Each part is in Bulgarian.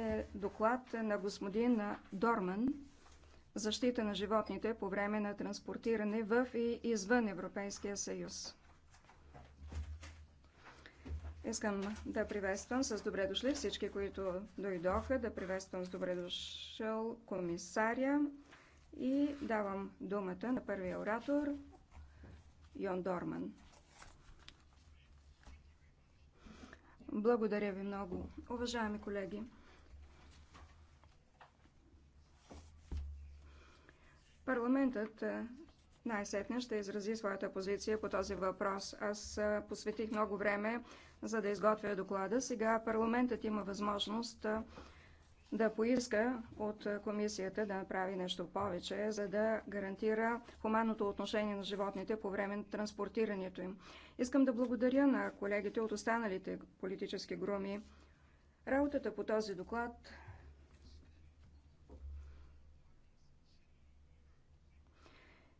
е доклад на господин Дорман защита на животните по време на транспортиране в и извън Европейския съюз. Искам да приветствам с добре дошли всички, които дойдоха, да приветствам с добре дошъл комисаря и давам думата на първия оратор Йон Дорман. Благодаря ви много, уважаеми колеги. Парламентът е, най-сетне ще изрази своята позиция по този въпрос. Аз е, посветих много време, за да изготвя доклада. Сега парламентът има възможност е, да поиска от комисията да направи нещо повече, за да гарантира хуманното отношение на животните по време на транспортирането им. Искам да благодаря на колегите от останалите политически груми. Работата по този доклад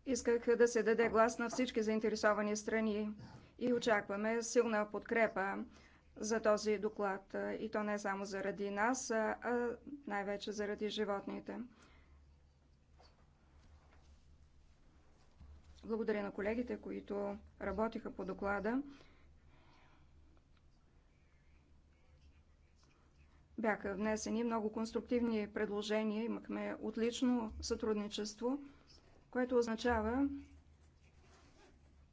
Исках да се даде глас на всички заинтересовани страни и очакваме силна подкрепа за този доклад. И то не само заради нас, а най-вече заради животните. Благодаря на колегите, които работиха по доклада. Бяха внесени много конструктивни предложения, имахме отлично сътрудничество което означава,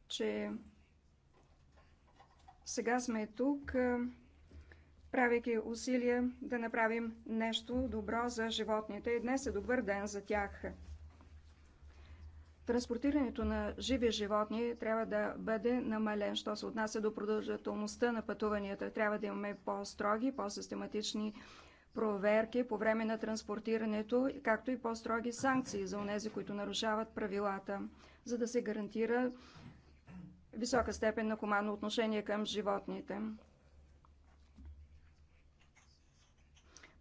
че сега сме тук, правейки усилия да направим нещо добро за животните. И днес е добър ден за тях. Транспортирането на живи животни трябва да бъде намален, що се отнася до продължителността на пътуванията. Трябва да имаме по-строги, по-систематични проверки по време на транспортирането, както и по-строги санкции за онези, които нарушават правилата, за да се гарантира висока степен на хуманно отношение към животните.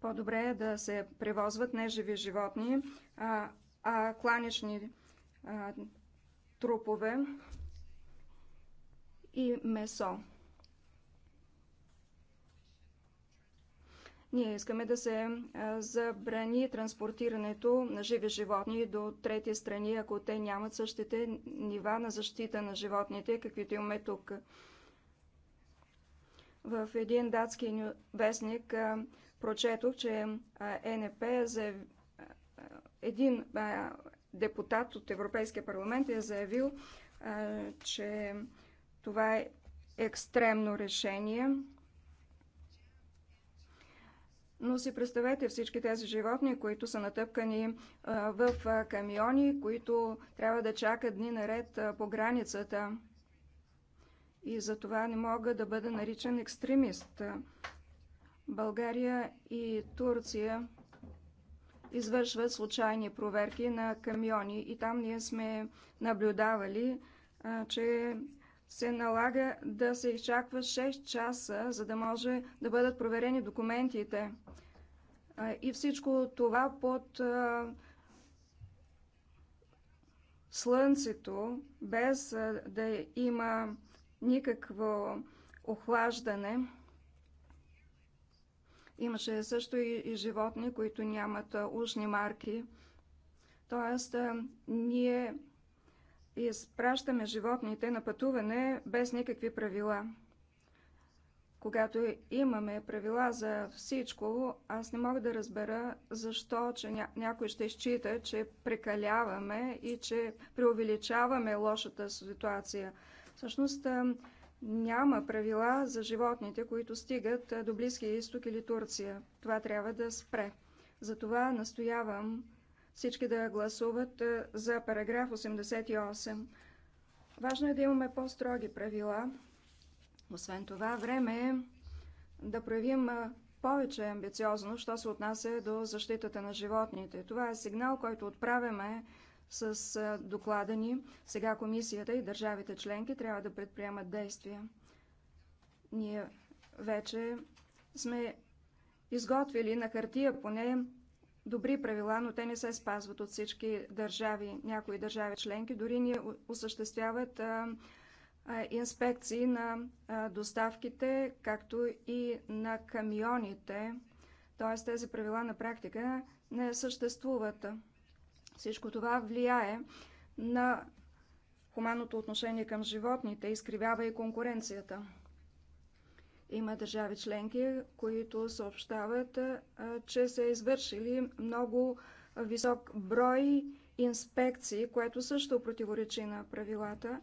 По-добре е да се превозват неживи животни, а, а кланични а, трупове и месо. Ние искаме да се забрани транспортирането на живи животни до трети страни, ако те нямат същите нива на защита на животните, каквито имаме тук. В един датски вестник прочетох, че НП за един депутат от Европейския парламент е заявил, че това е екстремно решение. Но си представете всички тези животни, които са натъпкани в камиони, които трябва да чакат дни наред по границата. И за това не мога да бъда наричан екстремист. България и Турция извършват случайни проверки на камиони и там ние сме наблюдавали, че се налага да се изчаква 6 часа, за да може да бъдат проверени документите. И всичко това под слънцето, без да има никакво охлаждане. Имаше също и животни, които нямат ушни марки. Тоест, ние и изпращаме животните на пътуване без никакви правила. Когато имаме правила за всичко, аз не мога да разбера защо, че някой ще счита, че прекаляваме и че преувеличаваме лошата ситуация. Всъщност няма правила за животните, които стигат до Близкия изток или Турция. Това трябва да спре. Затова настоявам всички да гласуват е, за параграф 88. Важно е да имаме по-строги правила. Освен това, време е да проявим е, повече амбициозно, що се отнася до защитата на животните. Това е сигнал, който отправяме с е, доклада ни. Сега комисията и държавите членки трябва да предприемат действия. Ние вече сме изготвили на хартия поне добри правила, но те не се спазват от всички държави. Някои държави членки дори ни осъществяват инспекции на доставките, както и на камионите. Т.е. тези правила на практика не съществуват. Всичко това влияе на хуманното отношение към животните, изкривява и конкуренцията. Има държави членки, които съобщават, че са извършили много висок брой инспекции, което също противоречи на правилата.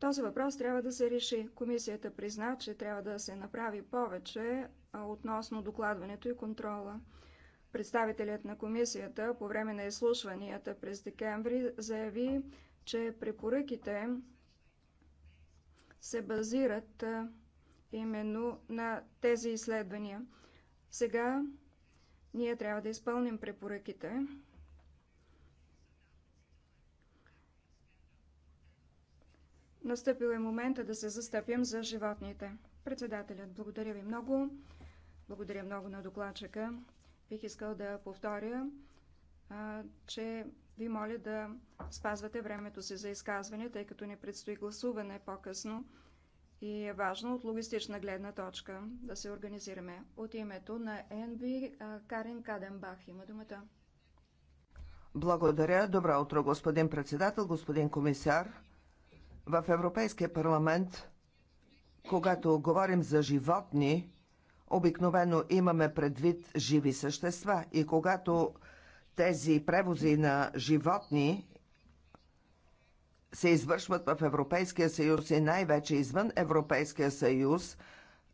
Този въпрос трябва да се реши. Комисията призна, че трябва да се направи повече относно докладването и контрола. Представителят на комисията по време на изслушванията през декември заяви, че препоръките се базират именно на тези изследвания. Сега ние трябва да изпълним препоръките. Настъпил е момента да се застъпим за животните. Председателят, благодаря ви много. Благодаря много на докладчика. Бих искал да повторя, че ви моля да спазвате времето си за изказване, тъй като не предстои гласуване по-късно. И е важно от логистична гледна точка да се организираме. От името на НБ Карен Каденбах има думата. Благодаря. Добро утро, господин председател, господин комисар. В Европейския парламент, когато говорим за животни, обикновено имаме предвид живи същества. И когато тези превози на животни се извършват в Европейския съюз и най-вече извън Европейския съюз,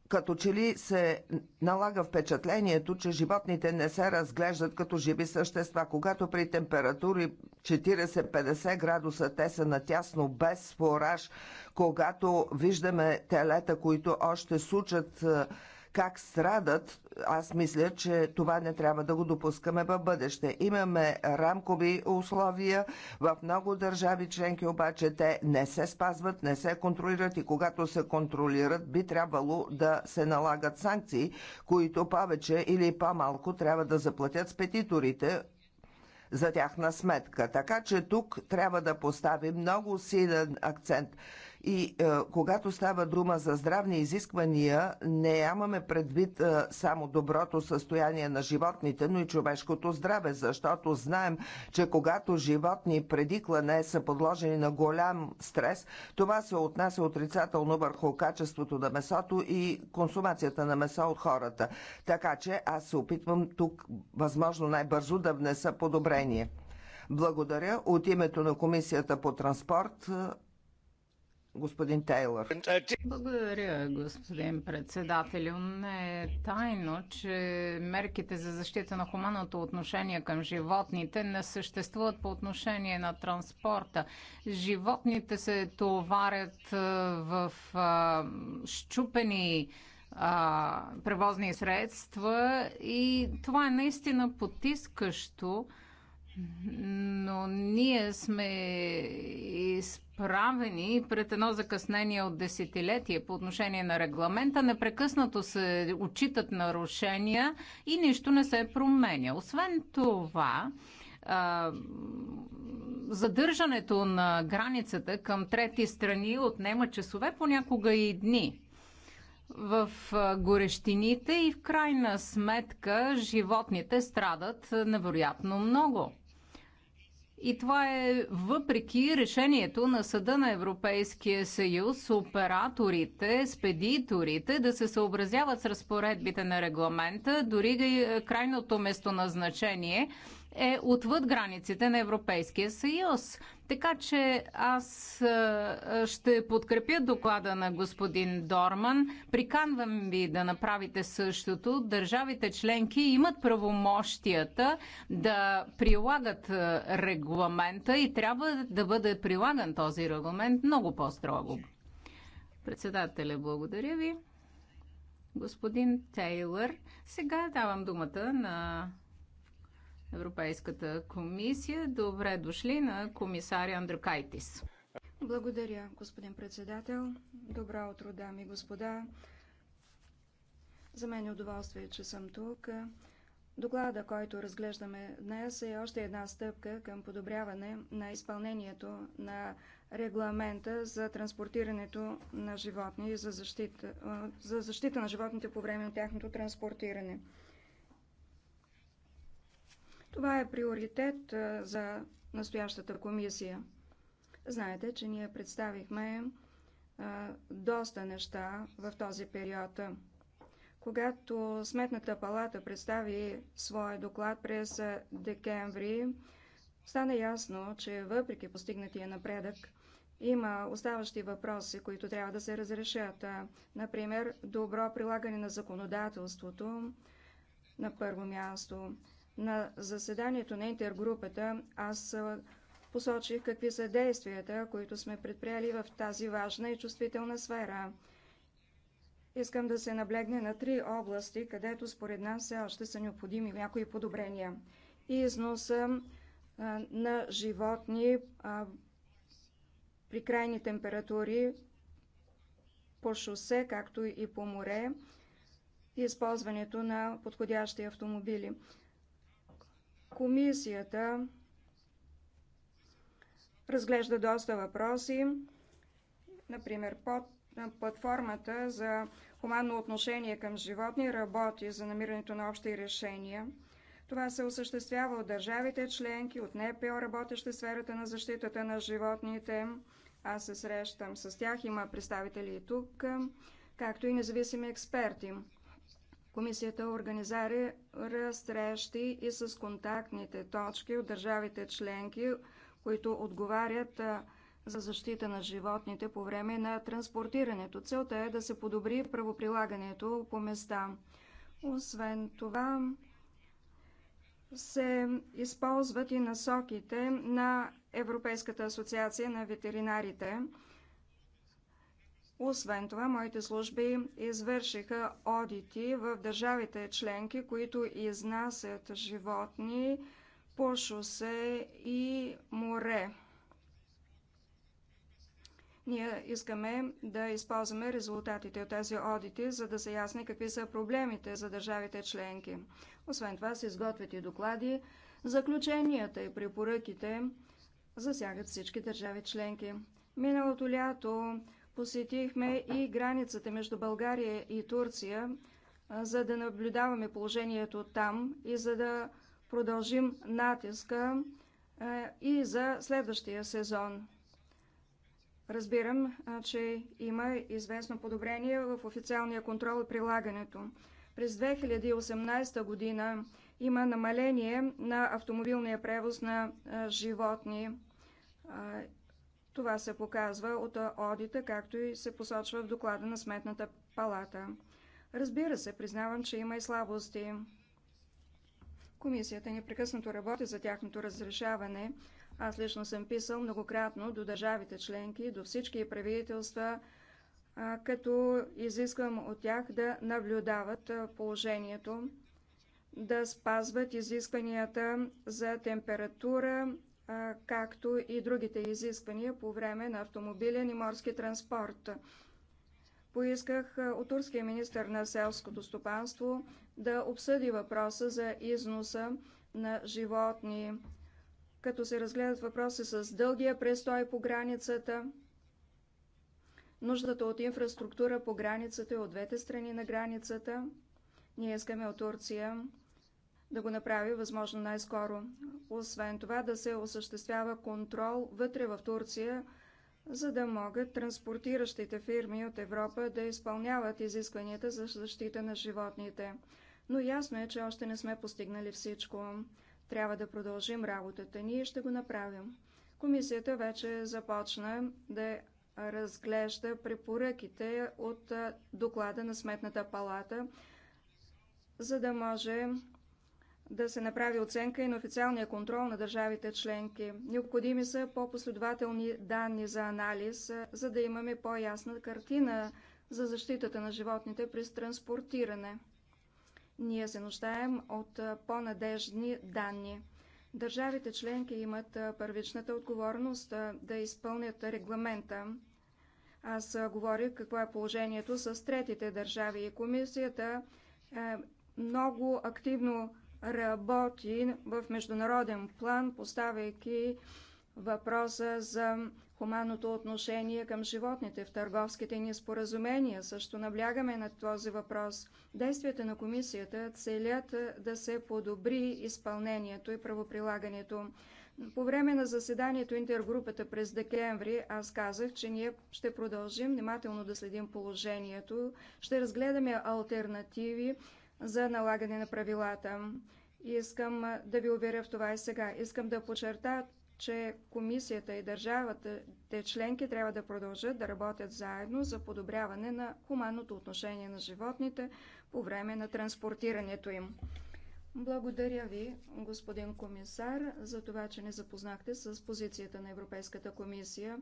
като че ли се налага впечатлението, че животните не се разглеждат като живи същества, когато при температури 40-50 градуса те са натясно без фораж, когато виждаме телета, които още сучат е, как страдат, аз мисля, че това не трябва да го допускаме в бъдеще. Имаме рамкови условия в много държави членки, обаче те не се спазват, не се контролират и когато се контролират, би трябвало да се налагат санкции, които повече или по-малко трябва да заплатят спетиторите, за тяхна сметка. Така че тук трябва да поставим много силен акцент. И е, когато става дума за здравни изисквания, не имаме предвид е, само доброто състояние на животните, но и човешкото здраве, защото знаем, че когато животни преди клане са подложени на голям стрес, това се отнася отрицателно върху качеството на месото и консумацията на месо от хората. Така че аз се опитвам тук възможно най-бързо да внеса подобрение. Благодаря от името на Комисията по транспорт господин Тейлор. Благодаря, господин председател. Не е тайно, че мерките за защита на хуманното отношение към животните не съществуват по отношение на транспорта. Животните се товарят в а, щупени а, превозни средства и това е наистина потискащо но ние сме изпълнени изправени пред едно закъснение от десетилетие по отношение на регламента. Непрекъснато се отчитат нарушения и нищо не се променя. Освен това, задържането на границата към трети страни отнема часове, понякога и дни в горещините и в крайна сметка животните страдат невероятно много. И това е въпреки решението на Съда на Европейския съюз, операторите, спедиторите да се съобразяват с разпоредбите на регламента, дори крайното местоназначение е отвъд границите на Европейския съюз. Така че аз е, е, ще подкрепя доклада на господин Дорман. Приканвам ви да направите същото. Държавите членки имат правомощията да прилагат е, регламента и трябва да бъде прилаган този регламент много по-строго. Председателя, благодаря ви. Господин Тейлър, сега давам думата на Европейската комисия. Добре дошли на комисаря Андрюкайтис. Благодаря, господин председател. Добро утро, дами и господа. За мен е удоволствие, че съм тук. Доклада, който разглеждаме днес, е още една стъпка към подобряване на изпълнението на регламента за транспортирането на животни и за защита, за защита на животните по време на тяхното транспортиране. Това е приоритет за настоящата комисия. Знаете, че ние представихме доста неща в този период. Когато Сметната палата представи своя доклад през декември, стана ясно, че въпреки постигнатия напредък, има оставащи въпроси, които трябва да се разрешат. Например, добро прилагане на законодателството на първо място, на заседанието на интергрупата аз посочих какви са действията, които сме предприели в тази важна и чувствителна сфера. Искам да се наблегне на три области, където според нас все още са необходими някои подобрения. Износа на животни при крайни температури по шосе, както и по море, използването на подходящи автомобили. Комисията разглежда доста въпроси, например под платформата за хуманно отношение към животни работи за намирането на общи решения. Това се осъществява от държавите членки, от НПО, работещи в сферата на защитата на животните. Аз се срещам с тях, има представители и тук, както и независими експерти. Комисията организира срещи и с контактните точки от държавите членки, които отговарят за защита на животните по време на транспортирането. Целта е да се подобри правоприлагането по места. Освен това, се използват и насоките на Европейската асоциация на ветеринарите – освен това, моите служби извършиха одити в държавите членки, които изнасят животни по шосе и море. Ние искаме да използваме резултатите от тези одити, за да се ясни какви са проблемите за държавите членки. Освен това се изготвят и доклади, заключенията и препоръките засягат всички държави членки. Миналото лято Посетихме и границата между България и Турция, за да наблюдаваме положението там и за да продължим натиска и за следващия сезон. Разбирам, че има известно подобрение в официалния контрол и прилагането. През 2018 година има намаление на автомобилния превоз на животни това се показва от одита, както и се посочва в доклада на Сметната палата. Разбира се, признавам, че има и слабости. Комисията непрекъснато работи за тяхното разрешаване. Аз лично съм писал многократно до държавите членки, до всички правителства, като изисквам от тях да наблюдават положението, да спазват изискванията за температура, както и другите изисквания по време на автомобилен и морски транспорт. Поисках от турския министр на селското стопанство да обсъди въпроса за износа на животни, като се разгледат въпроси с дългия престой по границата, нуждата от инфраструктура по границата и е от двете страни на границата. Ние искаме от Турция да го направи възможно най-скоро. Освен това да се осъществява контрол вътре в Турция, за да могат транспортиращите фирми от Европа да изпълняват изискванията за защита на животните. Но ясно е, че още не сме постигнали всичко. Трябва да продължим работата Ние ще го направим. Комисията вече започна да разглежда препоръките от доклада на Сметната палата, за да може да се направи оценка и на официалния контрол на държавите членки. Необходими са по-последователни данни за анализ, за да имаме по-ясна картина за защитата на животните през транспортиране. Ние се нуждаем от по-надежни данни. Държавите членки имат първичната отговорност да изпълнят регламента. Аз говорих какво е положението с третите държави и комисията е, много активно работи в международен план, поставяйки въпроса за хуманното отношение към животните в търговските ни споразумения. Също наблягаме на този въпрос. Действията на комисията целят да се подобри изпълнението и правоприлагането. По време на заседанието интергрупата през декември аз казах, че ние ще продължим внимателно да следим положението, ще разгледаме альтернативи за налагане на правилата. И искам да ви уверя в това и сега. Искам да подчерта, че комисията и държавата, те членки трябва да продължат да работят заедно за подобряване на хуманното отношение на животните по време на транспортирането им. Благодаря ви, господин комисар, за това, че не запознахте с позицията на Европейската комисия.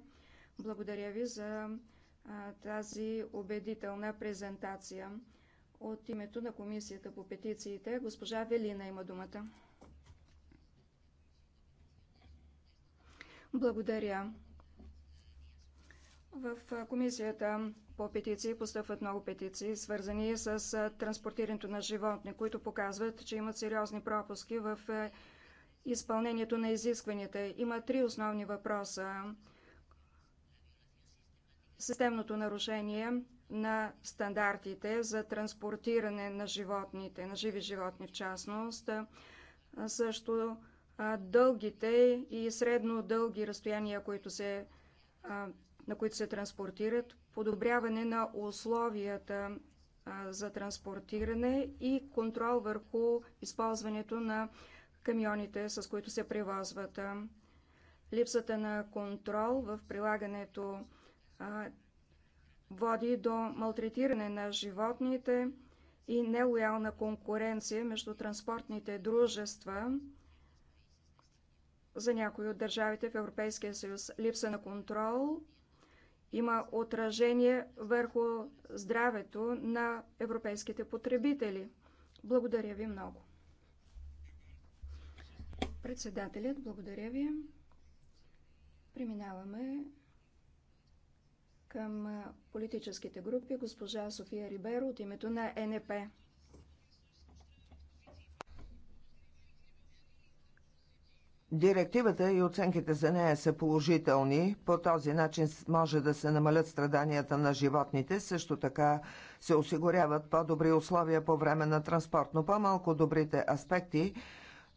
Благодаря ви за а, тази убедителна презентация. От името на Комисията по петициите, госпожа Велина има думата. Благодаря. В Комисията по петиции постъпват много петиции, свързани с транспортирането на животни, които показват, че имат сериозни пропуски в изпълнението на изискванията. Има три основни въпроса системното нарушение на стандартите за транспортиране на животните, на живи животни в частност, също дългите и средно дълги разстояния, които се, на които се транспортират, подобряване на условията за транспортиране и контрол върху използването на камионите, с които се превозват. Липсата на контрол в прилагането води до малтретиране на животните и нелоялна конкуренция между транспортните дружества за някои от държавите в Европейския съюз. Липса на контрол има отражение върху здравето на европейските потребители. Благодаря ви много. Председателят, благодаря ви. Преминаваме към политическите групи. Госпожа София Риберо от името на НП. Директивата и оценките за нея са положителни. По този начин може да се намалят страданията на животните. Също така се осигуряват по-добри условия по време на транспорт, но по-малко добрите аспекти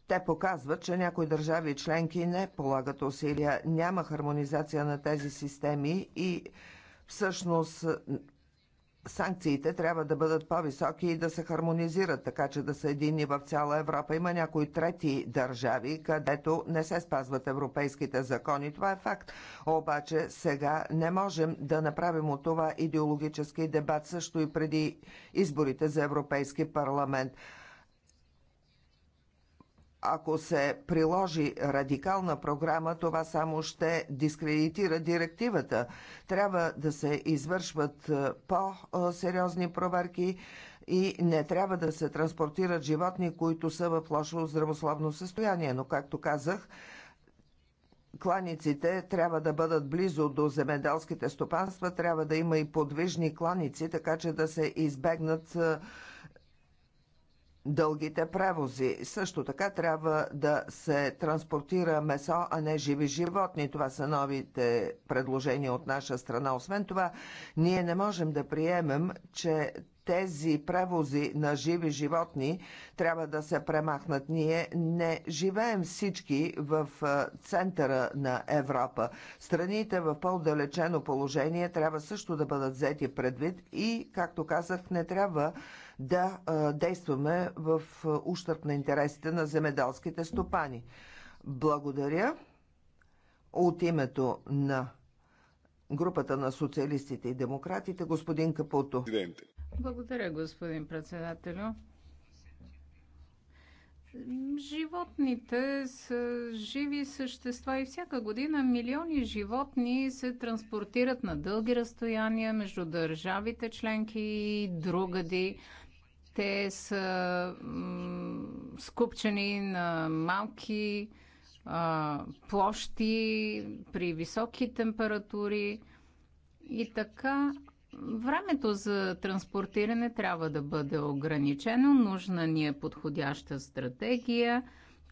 те показват, че някои държави членки не полагат усилия, няма хармонизация на тези системи и Всъщност, санкциите трябва да бъдат по-високи и да се хармонизират, така че да са единни в цяла Европа. Има някои трети държави, където не се спазват европейските закони. Това е факт. Обаче сега не можем да направим от това идеологически дебат също и преди изборите за Европейски парламент ако се приложи радикална програма, това само ще дискредитира директивата. Трябва да се извършват е, по-сериозни проверки и не трябва да се транспортират животни, които са в лошо здравословно състояние. Но, както казах, кланиците трябва да бъдат близо до земеделските стопанства, трябва да има и подвижни кланици, така че да се избегнат е, дългите превози. Също така трябва да се транспортира месо, а не живи животни. Това са новите предложения от наша страна. Освен това, ние не можем да приемем, че тези превози на живи животни трябва да се премахнат. Ние не живеем всички в центъра на Европа. Страните в по-далечено положение трябва също да бъдат взети предвид и, както казах, не трябва да действаме в ущърп на интересите на земеделските стопани. Благодаря от името на групата на социалистите и демократите, господин Капуто. Благодаря, господин председателю. Животните са живи същества и всяка година милиони животни се транспортират на дълги разстояния между държавите членки и другади. Те са скупчени на малки а, площи при високи температури и така Времето за транспортиране трябва да бъде ограничено. Нужна ни е подходяща стратегия,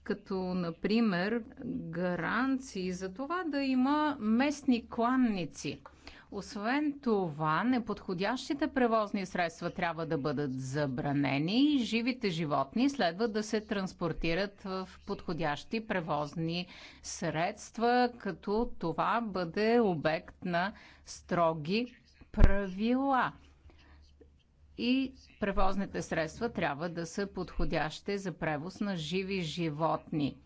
като, например, гаранции за това да има местни кланници – освен това, неподходящите превозни средства трябва да бъдат забранени и живите животни следва да се транспортират в подходящи превозни средства, като това бъде обект на строги правила. И превозните средства трябва да са подходящи за превоз на живи животни.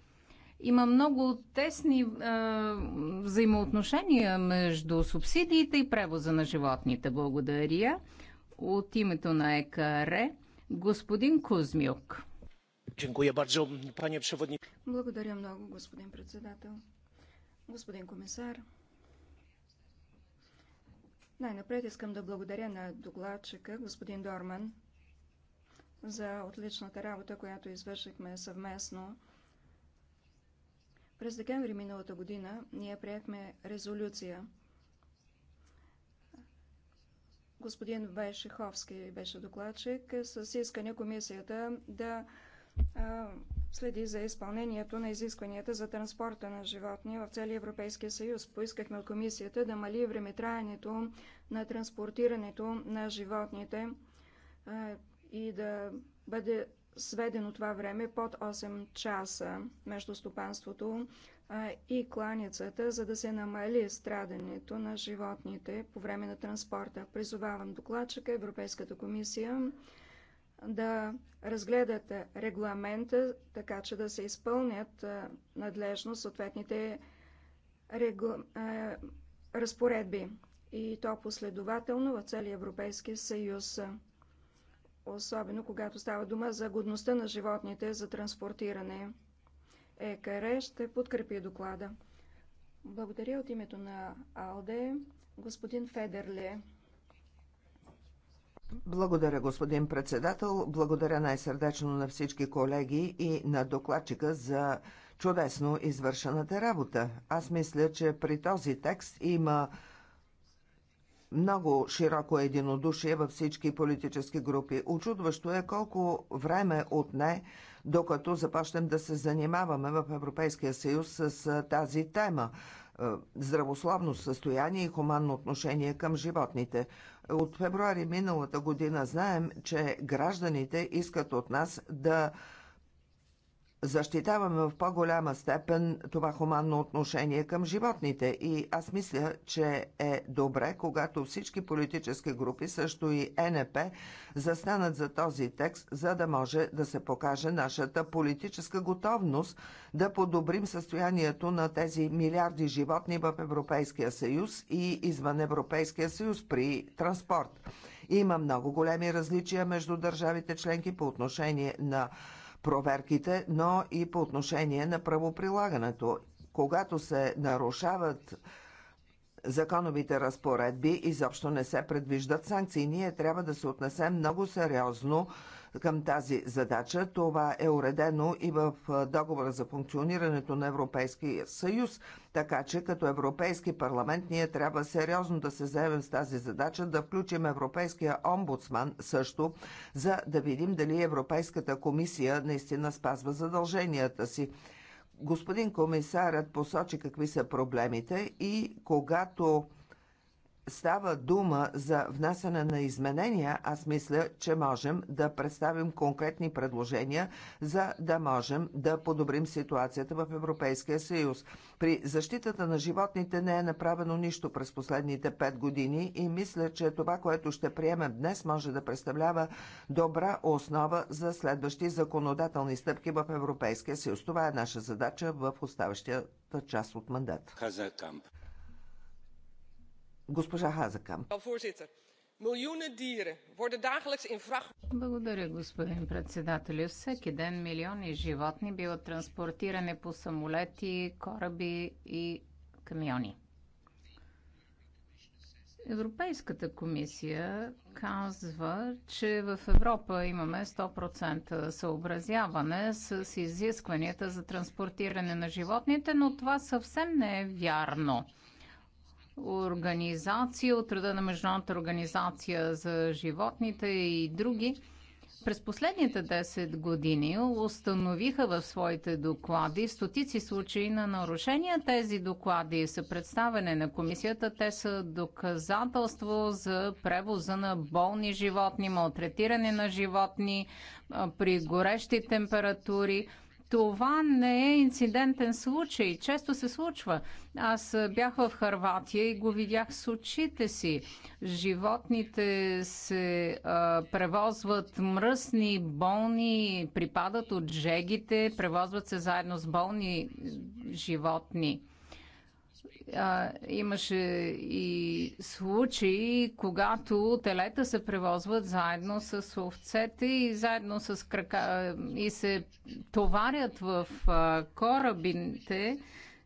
Има много тесни а, е, взаимоотношения между субсидиите и превоза на животните. Благодаря. От името на ЕКР, господин Кузмюк. Благодаря много, господин председател. Господин комисар, най-напред искам да благодаря на докладчика, господин Дорман, за отличната работа, която извършихме съвместно през декември миналата година ние приехме резолюция. Господин Вайшеховски беше докладчик с искане комисията да следи за изпълнението на изискванията за транспорта на животни в целия Европейския съюз. Поискахме от комисията да мали времетраенето на транспортирането на животните и да бъде сведено това време под 8 часа между стопанството и кланицата, за да се намали страдането на животните по време на транспорта. Призовавам докладчика Европейската комисия да разгледат регламента, така че да се изпълнят надлежно съответните регла... разпоредби и то последователно в целия Европейски съюз особено когато става дума за годността на животните за транспортиране. ЕКР ще подкрепи доклада. Благодаря от името на АЛДЕ, господин Федерле. Благодаря, господин председател. Благодаря най-сърдечно на всички колеги и на докладчика за чудесно извършената работа. Аз мисля, че при този текст има много широко единодушие във всички политически групи. Очудващо е колко време отне, докато започнем да се занимаваме в Европейския съюз с тази тема здравословно състояние и хуманно отношение към животните. От февруари миналата година знаем, че гражданите искат от нас да защитаваме в по-голяма степен това хуманно отношение към животните. И аз мисля, че е добре, когато всички политически групи, също и НП, застанат за този текст, за да може да се покаже нашата политическа готовност да подобрим състоянието на тези милиарди животни в Европейския съюз и извън Европейския съюз при транспорт. Има много големи различия между държавите членки по отношение на проверките, но и по отношение на правоприлагането. Когато се нарушават законовите разпоредби изобщо не се предвиждат санкции. Ние трябва да се отнесем много сериозно към тази задача. Това е уредено и в договора за функционирането на Европейския съюз, така че като Европейски парламент ние трябва сериозно да се заемем с тази задача, да включим Европейския омбудсман също, за да видим дали Европейската комисия наистина спазва задълженията си. Господин комисарът посочи какви са проблемите и когато става дума за внасяне на изменения, аз мисля, че можем да представим конкретни предложения, за да можем да подобрим ситуацията в Европейския съюз. При защитата на животните не е направено нищо през последните пет години и мисля, че това, което ще приемем днес, може да представлява добра основа за следващи законодателни стъпки в Европейския съюз. Това е наша задача в оставащата част от мандата. Казакамп. Госпожа Хазакам. Благодаря, господин председател. Всеки ден милиони животни биват транспортирани по самолети, кораби и камиони. Европейската комисия казва, че в Европа имаме 100% съобразяване с изискванията за транспортиране на животните, но това съвсем не е вярно организации от рода на Международната организация за животните и други през последните 10 години установиха в своите доклади стотици случаи на нарушения. Тези доклади са представени на комисията. Те са доказателство за превоза на болни животни, малтретиране на животни при горещи температури. Това не е инцидентен случай. Често се случва. Аз бях в Харватия и го видях с очите си. Животните се а, превозват мръсни, болни, припадат от жегите, превозват се заедно с болни животни а, имаше и случаи, когато телета се превозват заедно с овцете и заедно с крака и се товарят в а, корабите,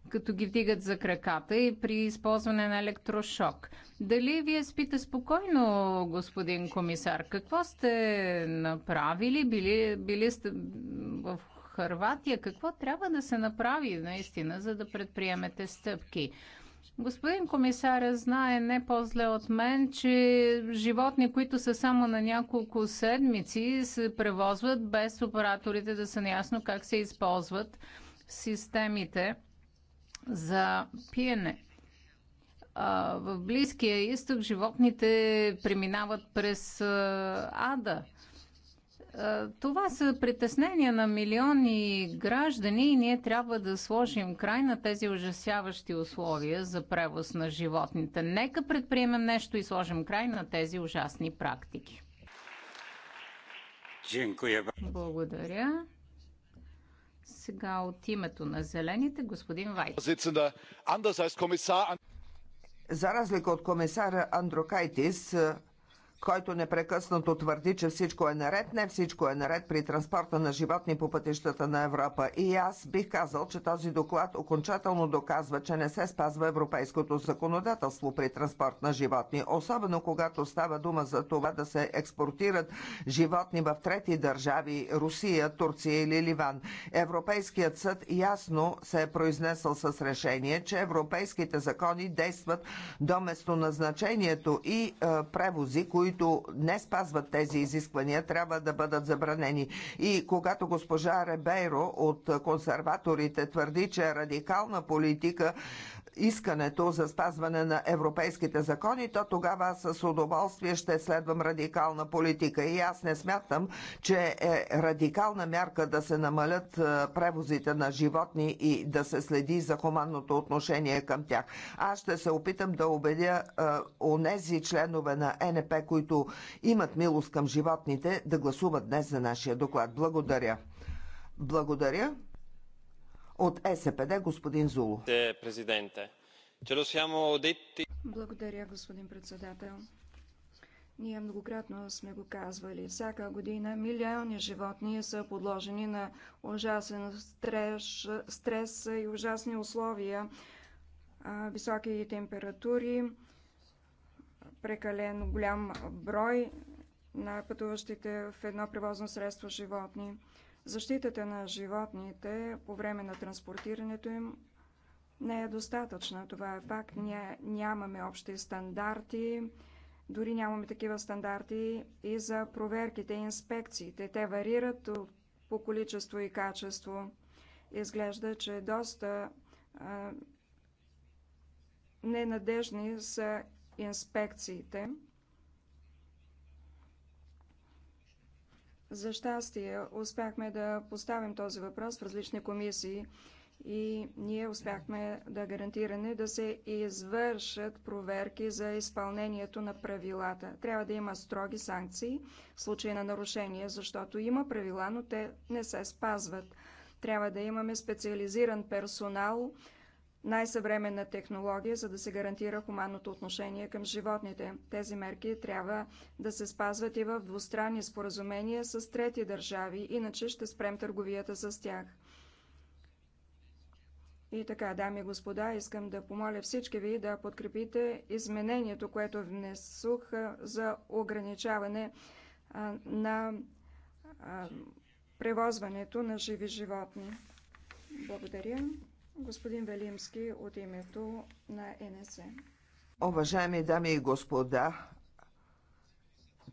като ги вдигат за краката и при използване на електрошок. Дали вие спите спокойно, господин комисар? Какво сте направили? Били, били сте в Харватия. Какво трябва да се направи наистина, за да предприемете стъпки? Господин комисаря знае не по-зле от мен, че животни, които са само на няколко седмици, се превозват без операторите да са наясно как се използват системите за пиене. А, в Близкия изток животните преминават през а, ада – е, това са притеснения на милиони граждани и ние трябва да сложим край на тези ужасяващи условия за превоз на животните. Нека предприемем нещо и сложим край на тези ужасни практики. Благодаря. Сега от името на зелените господин Вайт. За разлика от комисара Андрокайтис, който непрекъснато твърди, че всичко е наред. Не всичко е наред при транспорта на животни по пътищата на Европа. И аз бих казал, че този доклад окончателно доказва, че не се спазва европейското законодателство при транспорт на животни, особено когато става дума за това да се експортират животни в трети държави Русия, Турция или Ливан. Европейският съд ясно се е произнесъл с решение, че европейските закони действат до местоназначението и е, превози, които които не спазват тези изисквания, трябва да бъдат забранени. И когато госпожа Ребейро от консерваторите твърди, че е радикална политика искането за спазване на европейските закони, то тогава с удоволствие ще следвам радикална политика. И аз не смятам, че е радикална мярка да се намалят е, превозите на животни и да се следи за хуманното отношение към тях. Аз ще се опитам да убедя е, онези членове на НП, които имат милост към животните, да гласуват днес за нашия доклад. Благодаря. Благодаря. От СПД господин Зулу. Е, Благодаря, господин председател. Ние многократно сме го казвали. Всяка година милиони животни са подложени на ужасен стрес, стрес и ужасни условия, високи температури, прекалено голям брой на пътуващите в едно превозно средство животни. Защитата на животните по време на транспортирането им не е достатъчна. Това е факт. Ние нямаме общи стандарти, дори нямаме такива стандарти и за проверките и инспекциите. Те варират по количество и качество. Изглежда, че доста а, ненадежни са инспекциите. За щастие успяхме да поставим този въпрос в различни комисии и ние успяхме да гарантираме да се извършат проверки за изпълнението на правилата. Трябва да има строги санкции в случай на нарушение, защото има правила, но те не се спазват. Трябва да имаме специализиран персонал, най-съвременна технология, за да се гарантира хуманното отношение към животните. Тези мерки трябва да се спазват и в двустранни споразумения с трети държави, иначе ще спрем търговията с тях. И така, дами и господа, искам да помоля всички ви да подкрепите изменението, което внесох за ограничаване на превозването на живи животни. Благодаря господин Велимски от името на НС. Уважаеми дами и господа,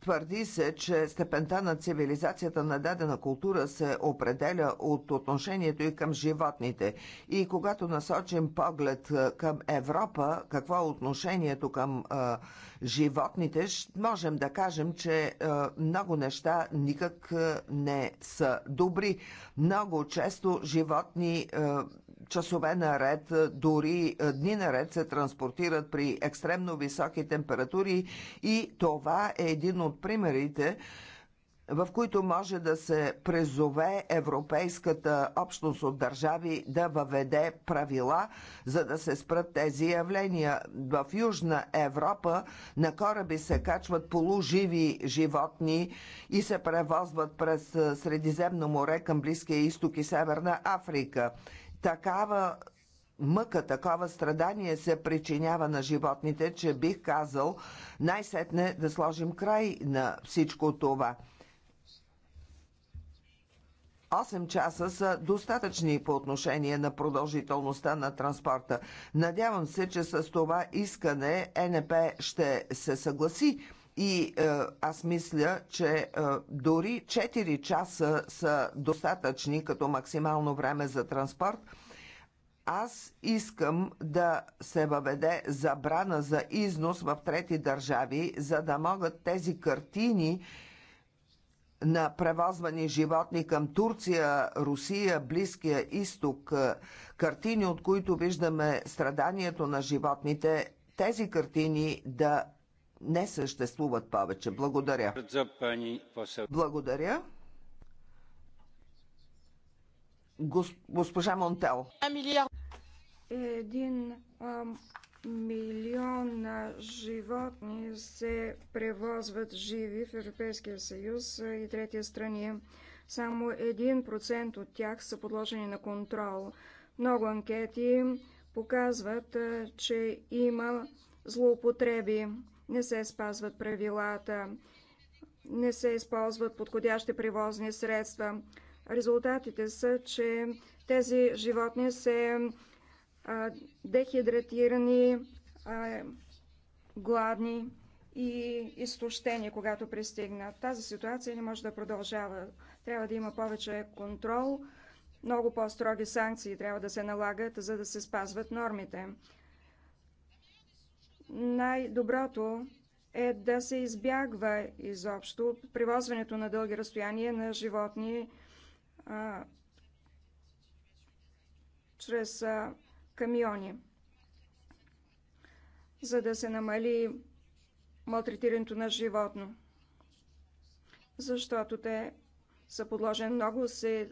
Твърди се, че степента на цивилизацията на дадена култура се определя от отношението и към животните. И когато насочим поглед към Европа, какво е отношението към е, животните, можем да кажем, че е, много неща никак не са добри. Много често животни. Е, часове наред, е, дори е, дни наред се транспортират при екстремно високи температури и това е един от примерите, в които може да се презове Европейската общност от държави да въведе правила, за да се спрат тези явления. В Южна Европа на кораби се качват полуживи животни и се превозват през е, Средиземно море към Близкия изток и Северна Африка такава мъка, такова страдание се причинява на животните, че бих казал най-сетне да сложим край на всичко това. 8 часа са достатъчни по отношение на продължителността на транспорта. Надявам се, че с това искане НП е е ще се съгласи и е, аз мисля, че е, дори 4 часа са достатъчни като максимално време за транспорт. Аз искам да се въведе забрана за износ в трети държави, за да могат тези картини на превозвани животни към Турция, Русия, Близкия изток, е, картини, от които виждаме страданието на животните, тези картини да не съществуват повече. Благодаря. Благодаря. Госпожа Монтел. Един милион животни се превозват живи в Европейския съюз и третия страни. Само 1% от тях са подложени на контрол. Много анкети показват, че има злоупотреби не се спазват правилата, не се използват подходящи превозни средства. Резултатите са, че тези животни се дехидратирани, гладни и изтощени, когато пристигнат. Тази ситуация не може да продължава. Трябва да има повече контрол, много по-строги санкции трябва да се налагат, за да се спазват нормите най-доброто е да се избягва изобщо привозването на дълги разстояния на животни а, чрез а, камиони, за да се намали малтретирането на животно, защото те са подложени много се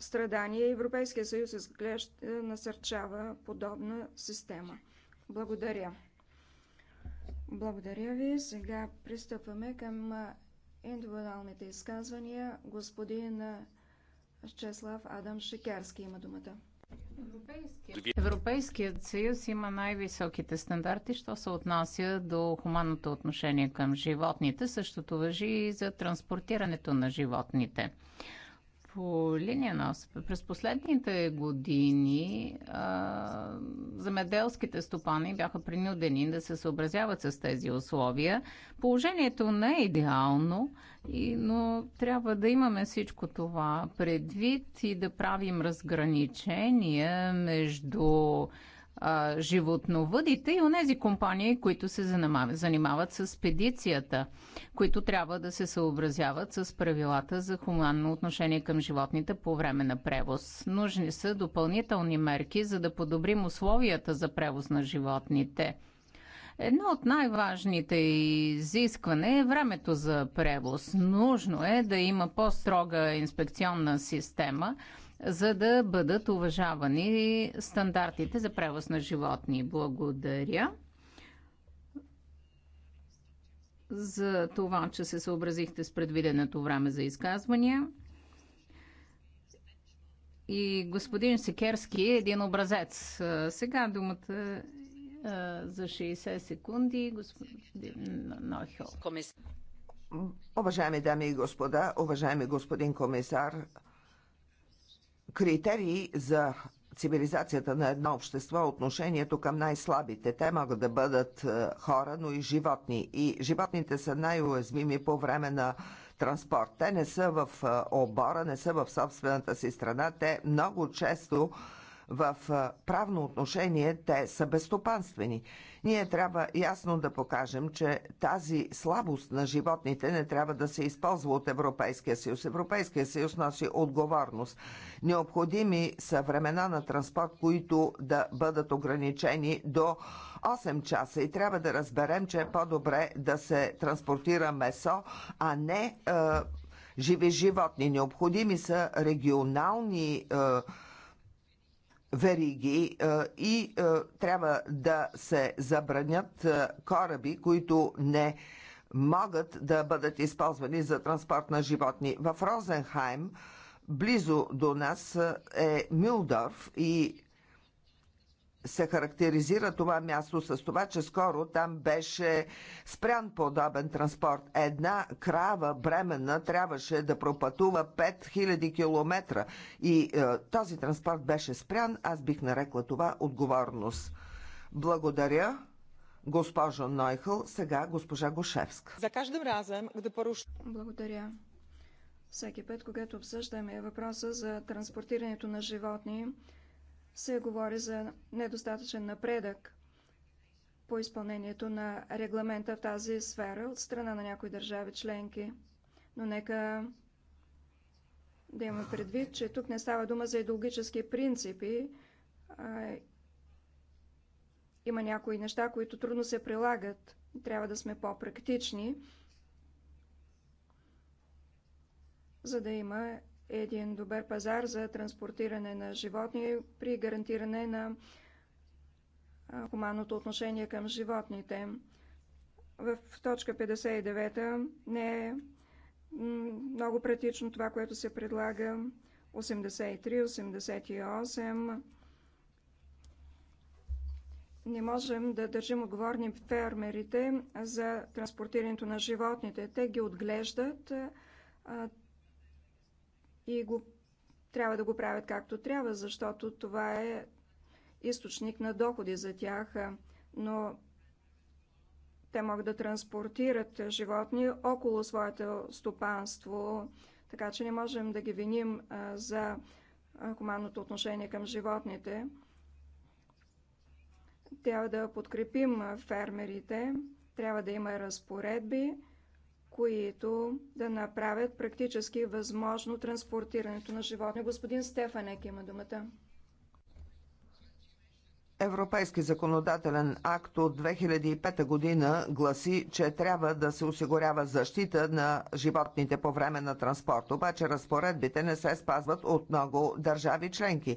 страдания. Европейския съюз изглежда насърчава подобна система. Благодаря. Благодаря ви. Сега пристъпваме към индивидуалните изказвания. Господин Чеслав Адам Шекерски има думата. Европейският. Европейският съюз има най-високите стандарти, що се отнася до хуманното отношение към животните. Същото въжи и за транспортирането на животните по линия на ОСП. През последните години а, замеделските стопани бяха принудени да се съобразяват с тези условия. Положението не е идеално, и, но трябва да имаме всичко това предвид и да правим разграничения между а, животновъдите и онези компании, които се занимават с педицията, които трябва да се съобразяват с правилата за хуманно отношение към животните по време на превоз. Нужни са допълнителни мерки, за да подобрим условията за превоз на животните. Едно от най-важните изискване е времето за превоз. Нужно е да има по-строга инспекционна система – за да бъдат уважавани стандартите за превоз на животни. Благодаря за това, че се съобразихте с предвиденото време за изказвания. И господин Секерски е един образец. Сега думата е, за 60 секунди, господин Нойхел. Уважаеми дами и господа, уважаеми господин комисар, критерии за цивилизацията на едно общество отношението към най-слабите. Те могат да бъдат е, хора, но и животни. И животните са най-уязвими по време на транспорт. Те не са в е, обора, не са в собствената си страна. Те много често в правно отношение те са безстопанствени. Ние трябва ясно да покажем, че тази слабост на животните не трябва да се използва от Европейския съюз. Европейския съюз носи отговорност. Необходими са времена на транспорт, които да бъдат ограничени до 8 часа и трябва да разберем, че е по-добре да се транспортира месо, а не е, живи животни. Необходими са регионални е, вериги и трябва да се забранят кораби, които не могат да бъдат използвани за транспорт на животни. В Розенхайм, близо до нас е Мюлдорф и се характеризира това място с това, че скоро там беше спрян подобен транспорт. Една крава бременна трябваше да пропътува 5000 км и е, този транспорт беше спрян. Аз бих нарекла това отговорност. Благодаря. Госпожо Нойхъл, сега госпожа Гошевска. За каждым разом, когда поруш... Благодаря. Всеки път, когато обсъждаме въпроса за транспортирането на животни, се говори за недостатъчен напредък по изпълнението на регламента в тази сфера от страна на някои държави членки. Но нека да имаме предвид, че тук не става дума за идеологически принципи. А, има някои неща, които трудно се прилагат. Трябва да сме по-практични, за да има един добър пазар за транспортиране на животни при гарантиране на хуманното отношение към животните. В точка 59 не е много практично това, което се предлага 83, 88. Не можем да държим отговорни фермерите за транспортирането на животните. Те ги отглеждат, и го, трябва да го правят както трябва, защото това е източник на доходи за тях, но те могат да транспортират животни около своето стопанство, така че не можем да ги виним за хуманното отношение към животните. Трябва да подкрепим фермерите, трябва да има разпоредби, които да направят практически възможно транспортирането на животни. Господин Стефанек има думата. Европейски законодателен акт от 2005 година гласи, че трябва да се осигурява защита на животните по време на транспорт. Обаче разпоредбите не се спазват от много държави членки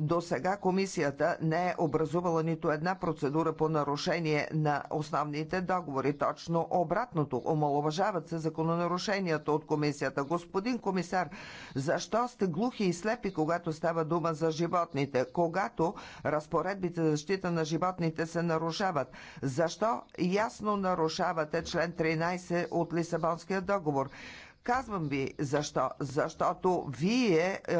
до сега комисията не е образувала нито една процедура по нарушение на основните договори. Точно обратното. Омалуважават се закононарушенията от комисията. Господин комисар, защо сте глухи и слепи, когато става дума за животните? Когато разпоредбите за защита на животните се нарушават? Защо ясно нарушавате член 13 от Лисабонския договор? Казвам ви защо. Защото вие е,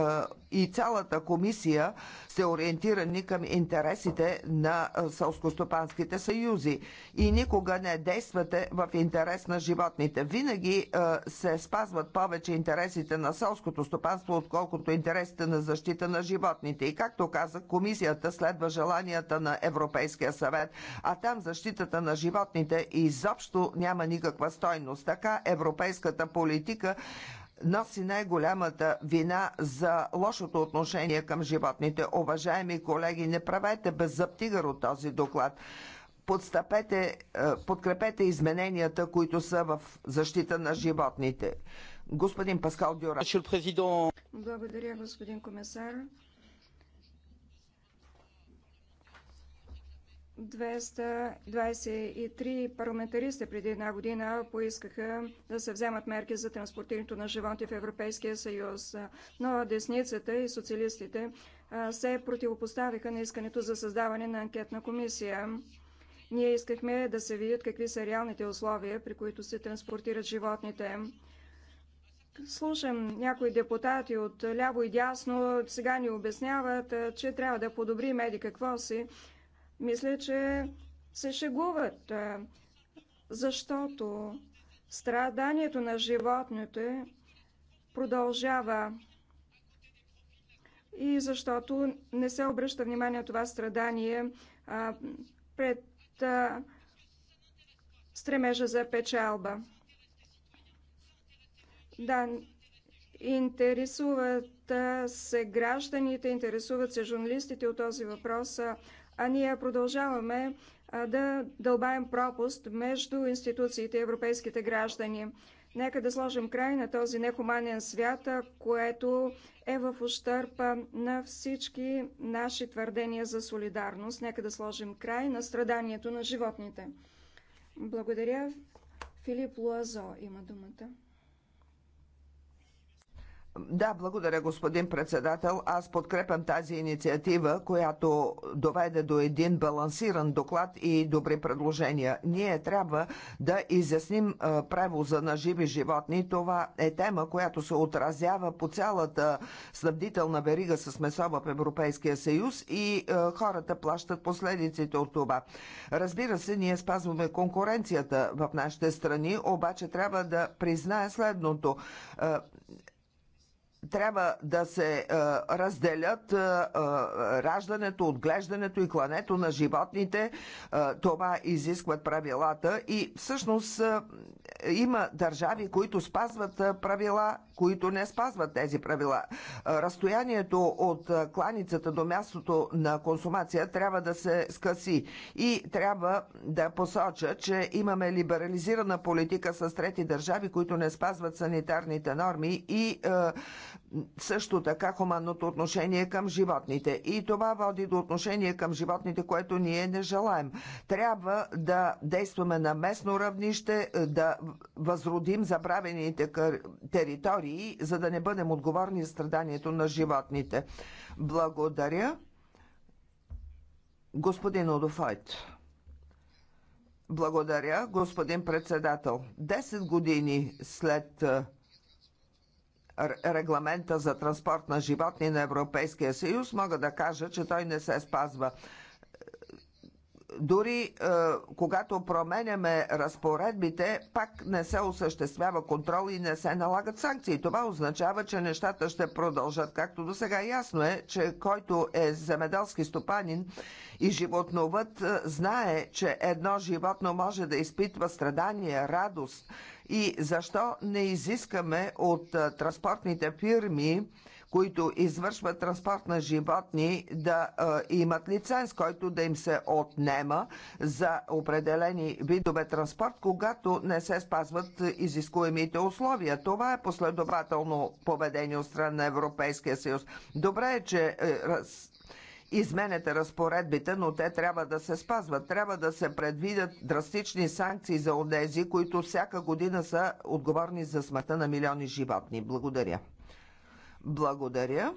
и цялата комисия сте ориентирани към интересите на е, сълскостопанските съюзи и никога не действате в интерес на животните. Винаги е, се спазват повече интересите на сълското стопанство, отколкото интересите на защита на животните. И както казах, комисията следва желанията на Европейския съвет, а там защитата на животните изобщо няма никаква стойност. Така европейската политика политика носи най-голямата вина за лошото отношение към животните. Уважаеми колеги, не правете беззаптигър от този доклад. Подстъпете, е, подкрепете измененията, които са в защита на животните. Господин Паскал Дюра. Благодаря, господин комисар. 223 парламентаристи преди една година поискаха да се вземат мерки за транспортирането на животи в Европейския съюз, но десницата и социалистите се противопоставиха на искането за създаване на анкетна комисия. Ние искахме да се видят какви са реалните условия, при които се транспортират животните. Слушам някои депутати от ляво и дясно, сега ни обясняват, че трябва да подобри меди какво си мисля, че се шегуват, защото страданието на животните продължава и защото не се обръща внимание на това страдание а, пред а, стремежа за печалба. Да, интересуват се гражданите, интересуват се журналистите от този въпрос, а ние продължаваме да дълбаем пропуст между институциите и европейските граждани. Нека да сложим край на този нехуманен свят, което е в ущърпа на всички наши твърдения за солидарност. Нека да сложим край на страданието на животните. Благодаря. Филип Луазо има думата. Да, благодаря, господин председател. Аз подкрепям тази инициатива, която доведе до един балансиран доклад и добри предложения. Ние трябва да изясним превоза на живи животни. Това е тема, която се отразява по цялата снабдителна верига с месо в Европейския съюз и хората плащат последиците от това. Разбира се, ние спазваме конкуренцията в нашите страни, обаче трябва да призная следното трябва да се е, разделят е, е, раждането, отглеждането и клането на животните. това изискват правилата и всъщност има държави, които спазват правила, които не спазват тези правила. разстоянието от кланицата до мястото на консумация трябва да се скъси и трябва да посоча, че имаме либерализирана политика с трети държави, които не спазват санитарните норми и също така хуманното отношение към животните. И това води до отношение към животните, което ние не желаем. Трябва да действаме на местно равнище, да възродим забравените територии, за да не бъдем отговорни за страданието на животните. Благодаря. Господин Одофайт. Благодаря, господин председател. Десет години след регламента за транспорт на животни на Европейския съюз, мога да кажа, че той не се спазва дори е, когато променяме разпоредбите, пак не се осъществява контрол и не се налагат санкции. Това означава, че нещата ще продължат както до сега. Ясно е, че който е земеделски стопанин и животновът е, знае, че едно животно може да изпитва страдание, радост, и защо не изискаме от транспортните фирми, които извършват транспорт на животни, да е, имат лиценз, който да им се отнема за определени видове транспорт, когато не се спазват изискуемите условия. Това е последователно поведение от страна на Европейския съюз. Добре е, че е, раз, Изменете разпоредбите, но те трябва да се спазват. Трябва да се предвидят драстични санкции за онези, които всяка година са отговорни за смъртта на милиони животни. Благодаря. Благодаря.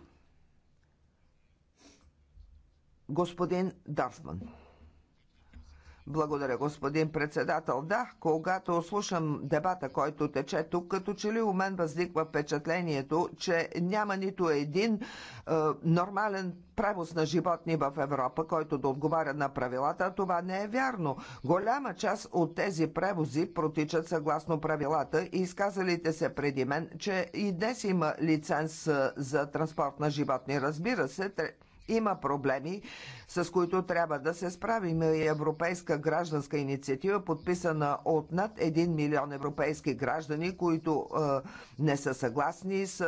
Господин Дарфман. Благодаря, господин председател. Да, когато слушам дебата, който тече тук, като че ли у мен възниква впечатлението, че няма нито един е, нормален превоз на животни в Европа, който да отговаря на правилата, това не е вярно. Голяма част от тези превози протичат съгласно правилата и изказалите се преди мен, че и днес има лиценз е, за транспорт на животни. Разбира се, има проблеми с които трябва да се справим и Европейска гражданска инициатива, подписана от над 1 милион европейски граждани, които е, не са съгласни с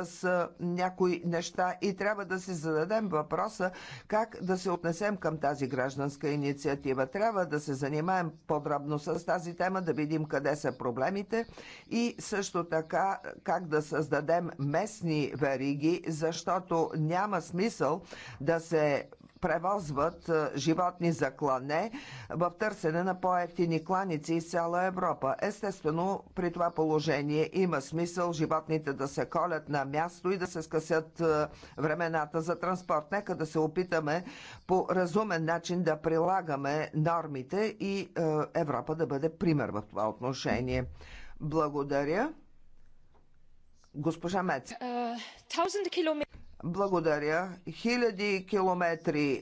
е, някои неща и трябва да си зададем въпроса как да се отнесем към тази гражданска инициатива. Трябва да се занимаем подробно с тази тема, да видим къде са проблемите и също така как да създадем местни вериги, защото няма смисъл да се превозват е, животни за клане в търсене на по-ефтини кланици из цяла Европа. Естествено, при това положение има смисъл животните да се колят на място и да се скъсят е, времената за транспорт. Нека да се опитаме по разумен начин да прилагаме нормите и е, Европа да бъде пример в това отношение. Благодаря. Госпожа Мец. Благодаря. Хиляди километри е,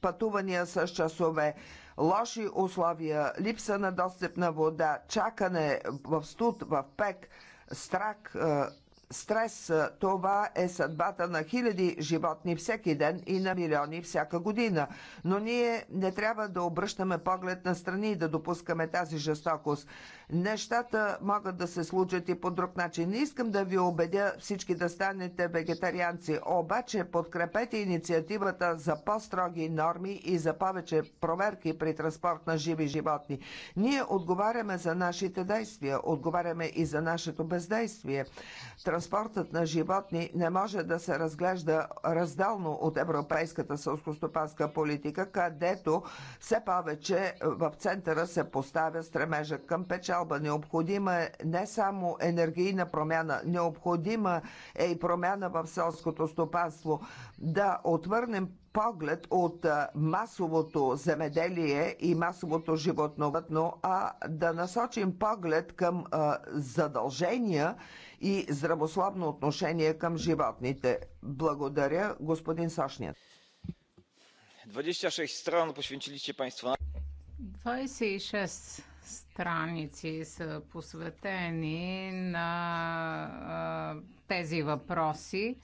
пътувания с часове, лоши условия, липса на достъп на вода, чакане в студ, в пек, страх, е, стрес. Е, това е съдбата на хиляди животни всеки ден и на милиони всяка година. Но ние не трябва да обръщаме поглед на страни и да допускаме тази жестокост. Нещата могат да се случат и по друг начин. Не искам да ви убедя всички да станете вегетарианци, обаче подкрепете инициативата за по-строги норми и за повече проверки при транспорт на живи животни. Ние отговаряме за нашите действия, отговаряме и за нашето бездействие. Транспортът на животни не може да се разглежда раздално от европейската сълскостопанска политика, където все повече в центъра се поставя стремежа към печал печалба. Необходима е не само енергийна промяна, необходима е и промяна в селското стопанство. Да отвърнем поглед от масовото земеделие и масовото животновътно, а да насочим поглед към задължения и здравословно отношение към животните. Благодаря, господин Сашният. 26 стран посвятилище państwo. 26 страници са посветени на тези въпроси.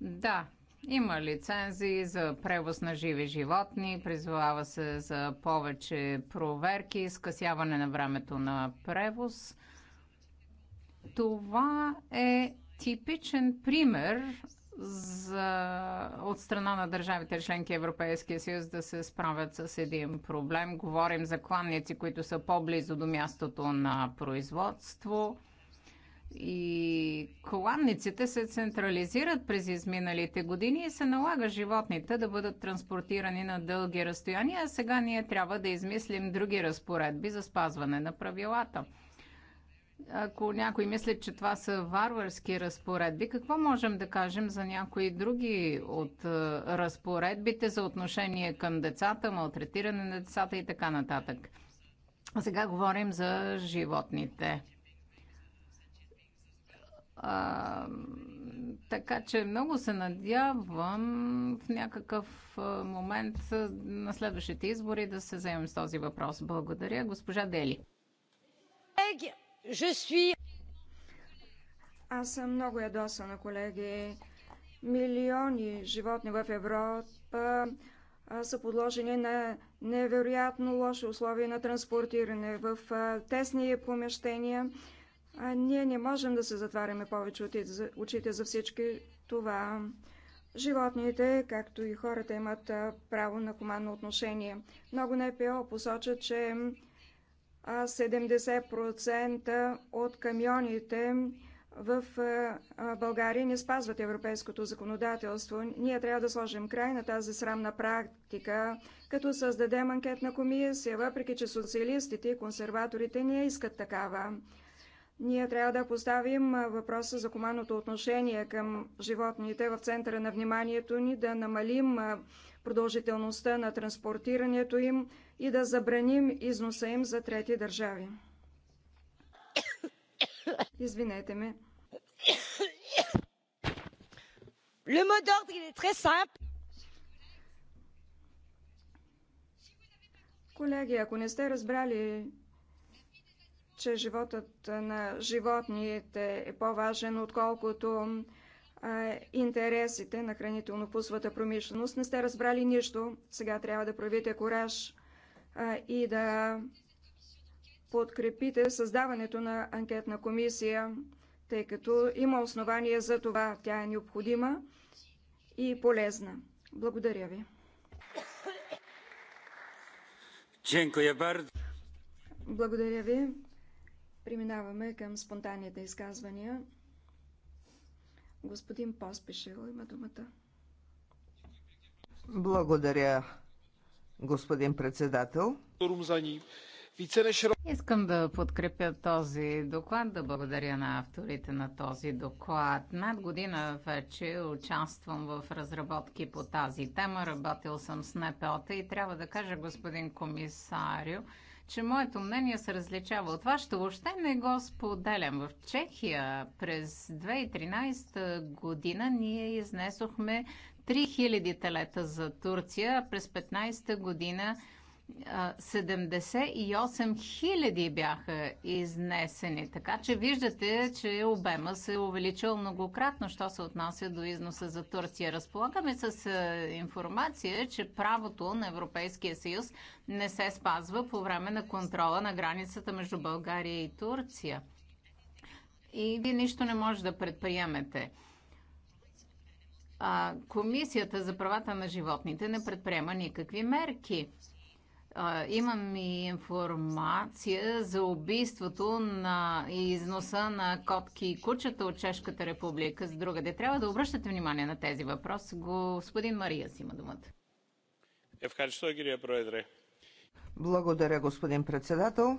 Да, има лицензии за превоз на живи животни, призвава се за повече проверки, скъсяване на времето на превоз. Това е типичен пример за, от страна на държавите членки Европейския съюз да се справят с един проблем. Говорим за кланници, които са по-близо до мястото на производство. И кланниците се централизират през изминалите години и се налага животните да бъдат транспортирани на дълги разстояния, а сега ние трябва да измислим други разпоредби за спазване на правилата. Ако някой мисли, че това са варварски разпоредби, какво можем да кажем за някои други от е, разпоредбите за отношение към децата, малтретиране на децата и така нататък? Сега говорим за животните. А, така че много се надявам в някакъв е, момент е, на следващите избори да се вземем с този въпрос. Благодаря. Госпожа Дели. Егия! Аз съм много ядосана, колеги. Милиони животни в Европа са подложени на невероятно лоши условия на транспортиране в тесни помещения. А ние не можем да се затваряме повече от очите за всички това. Животните, както и хората, имат право на хуманно отношение. Много НПО посочат, че а 70% от камионите в България не спазват европейското законодателство. Ние трябва да сложим край на тази срамна практика, като създадем анкетна комисия, въпреки че социалистите и консерваторите не искат такава. Ние трябва да поставим въпроса за хуманното отношение към животните в центъра на вниманието ни, да намалим продължителността на транспортирането им и да забраним износа им за трети държави. Извинете ме. Le mot d'ordre, il est très simple. Колеги, ако не сте разбрали, че животът на животните е по-важен, отколкото интересите на хранително-вкусовата промишленост. Не сте разбрали нищо. Сега трябва да правите кораж и да подкрепите създаването на анкетна комисия, тъй като има основания за това. Тя е необходима и полезна. Благодаря ви. Благодаря ви. Преминаваме към спонтанните изказвания. Господин Поспешил има думата. Благодаря, господин председател. Искам да подкрепя този доклад, да благодаря на авторите на този доклад. Над година вече участвам в разработки по тази тема. Работил съм с НПО-та и трябва да кажа, господин комисарио, че моето мнение се различава от вашето. Въобще не го споделям. В Чехия през 2013 година ние изнесохме 3000 телета за Турция, а през 15 година 78 хиляди бяха изнесени. Така че виждате, че обема се е увеличил многократно, що се отнася до износа за Турция. Разполагаме с информация, че правото на Европейския съюз не се спазва по време на контрола на границата между България и Турция. И вие нищо не може да предприемете. Комисията за правата на животните не предприема никакви мерки а, имам и информация за убийството на износа на котки и кучета от Чешката република с другаде. Трябва да обръщате внимание на тези въпроси. Господин Мария си има думата. Благодаря, господин председател.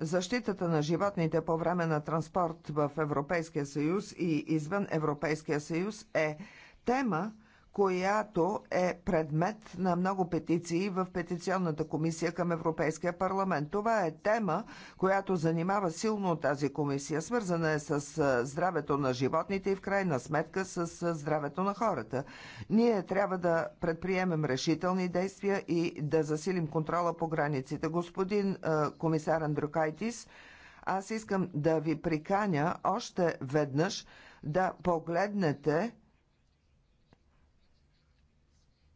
Защитата на животните по време на транспорт в Европейския съюз и извън Европейския съюз е тема, която е предмет на много петиции в петиционната комисия към Европейския парламент. Това е тема, която занимава силно тази комисия. Свързана е с здравето на животните и в крайна сметка с здравето на хората. Ние трябва да предприемем решителни действия и да засилим контрола по границите. Господин комисар Андрюкайтис, аз искам да ви приканя още веднъж да погледнете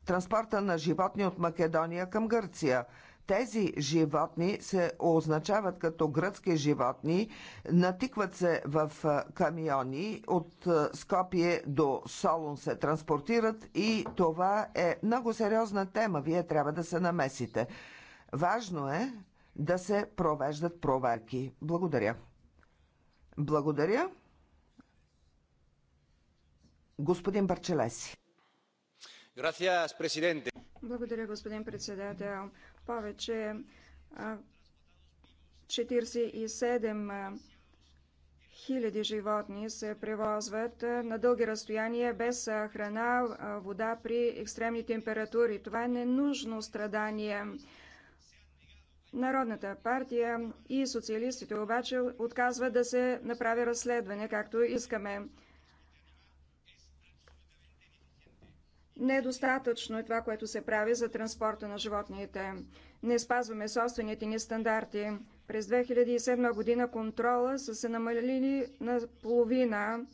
транспорта на животни от Македония към Гърция. Тези животни се означават като гръцки животни, натикват се в камиони, от Скопие до Солун се транспортират и това е много сериозна тема. Вие трябва да се намесите. Важно е да се провеждат проверки. Благодаря. Благодаря. Господин Барчелеси. Благодаря, господин председател. Повече 47 хиляди животни се превозват на дълги разстояния без храна, вода при екстремни температури. Това е ненужно страдание. Народната партия и социалистите обаче отказват да се направи разследване, както искаме. Недостатъчно е това, което се прави за транспорта на животните. Не спазваме собствените ни стандарти. През 2007 година контрола са се намалили на половина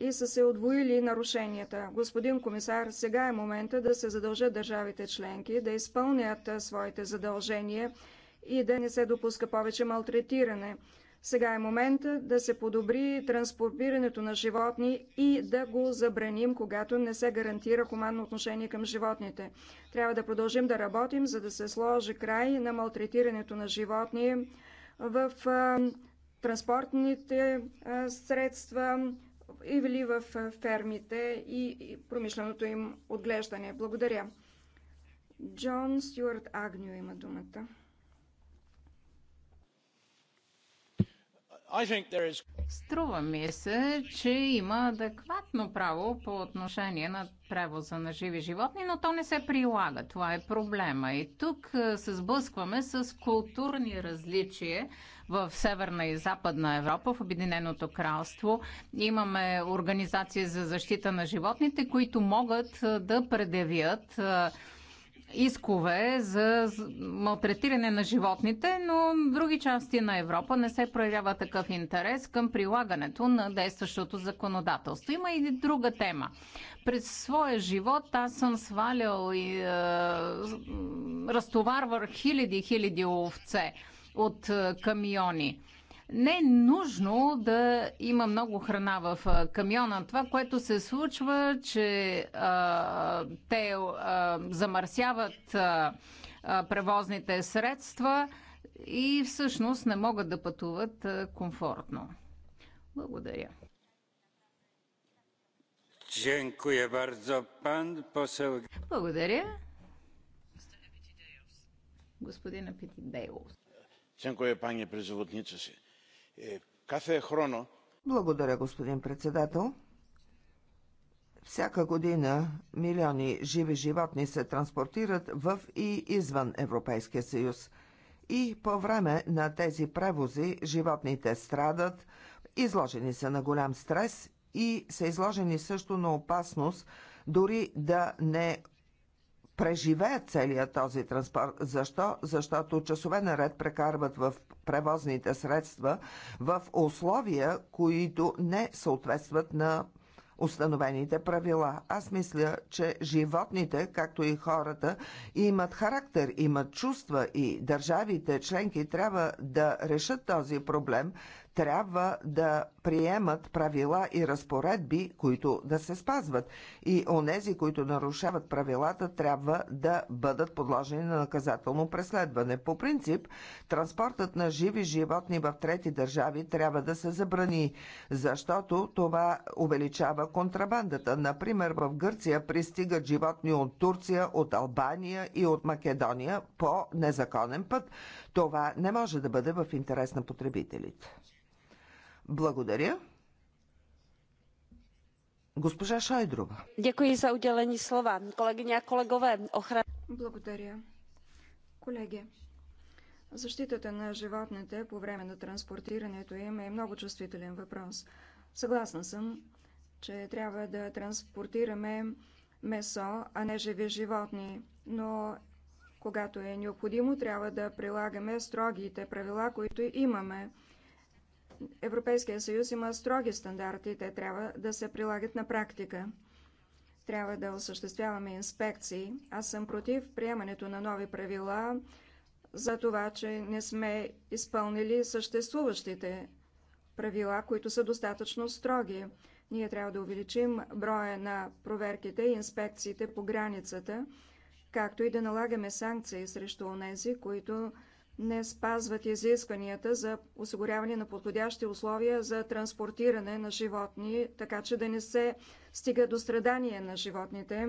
и са се отвоили нарушенията. Господин комисар, сега е момента да се задължат държавите членки да изпълнят своите задължения и да не се допуска повече малтретиране. Сега е момента да се подобри транспортирането на животни и да го забраним, когато не се гарантира хуманно отношение към животните. Трябва да продължим да работим, за да се сложи край на малтретирането на животни в транспортните средства или в фермите и промишленото им отглеждане. Благодаря. Джон Стюарт Агнио има думата. Струва ми се, че има адекватно право по отношение на превоза на живи животни, но то не се прилага. Това е проблема. И тук е, се сблъскваме с културни различия в Северна и Западна Европа, в Обединеното кралство. Имаме организации за защита на животните, които могат е, да предявят е, искове за малтретиране на животните, но в други части на Европа не се проявява такъв интерес към прилагането на действащото законодателство. Има и друга тема. През своя живот аз съм свалял и е, разтоварвал хиляди-хиляди овце от е, камиони не е нужно да има много храна в камиона. Това, което се случва, че а, те а, замърсяват а, превозните средства и всъщност не могат да пътуват а, комфортно. Благодаря. Благодаря. Господин Апетидейлс. Dziękuję panie си. Е, е Благодаря, господин председател. Всяка година милиони живи животни се транспортират в и извън Европейския съюз. И по време на тези превози животните страдат, изложени са на голям стрес и са изложени също на опасност дори да не преживеят целият този транспорт. Защо? Защото часове наред прекарват в превозните средства в условия, които не съответстват на установените правила. Аз мисля, че животните, както и хората, имат характер, имат чувства и държавите членки трябва да решат този проблем, трябва да приемат правила и разпоредби, които да се спазват. И онези, които нарушават правилата, трябва да бъдат подложени на наказателно преследване. По принцип, транспортът на живи животни в трети държави трябва да се забрани, защото това увеличава контрабандата. Например, в Гърция пристигат животни от Турция, от Албания и от Македония по незаконен път. Това не може да бъде в интерес на потребителите. Благодаря. Госпожа Шайдрова. Дякую за уделени слова. Колеги, колегове, охрана. Благодаря. Колеги, защитата на животните по време на транспортирането им е много чувствителен въпрос. Съгласна съм, че трябва да транспортираме месо, а не живи животни, но когато е необходимо, трябва да прилагаме строгите правила, които имаме. Европейския съюз има строги стандарти, те трябва да се прилагат на практика. Трябва да осъществяваме инспекции. Аз съм против приемането на нови правила за това, че не сме изпълнили съществуващите правила, които са достатъчно строги. Ние трябва да увеличим броя на проверките и инспекциите по границата, както и да налагаме санкции срещу онези, които не спазват изискванията за осигуряване на подходящи условия за транспортиране на животни, така че да не се стига до страдания на животните.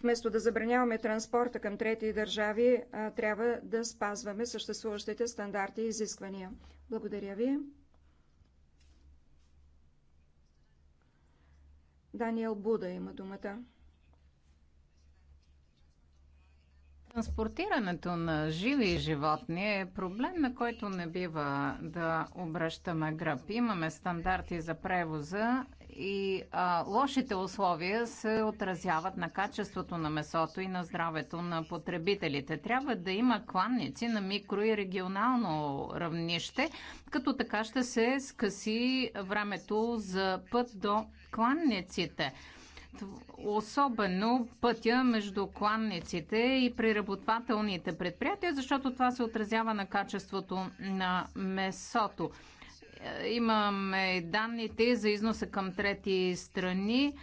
Вместо да забраняваме транспорта към трети държави, трябва да спазваме съществуващите стандарти и изисквания. Благодаря ви. Даниел Буда има думата. Транспортирането на живи животни е проблем, на който не бива да обръщаме гръб. Имаме стандарти за превоза и а, лошите условия се отразяват на качеството на месото и на здравето на потребителите. Трябва да има кланници на микро и регионално равнище, като така ще се скъси времето за път до кланниците особено пътя между кланниците и преработвателните предприятия, защото това се отразява на качеството на месото. Имаме данните за износа към трети страни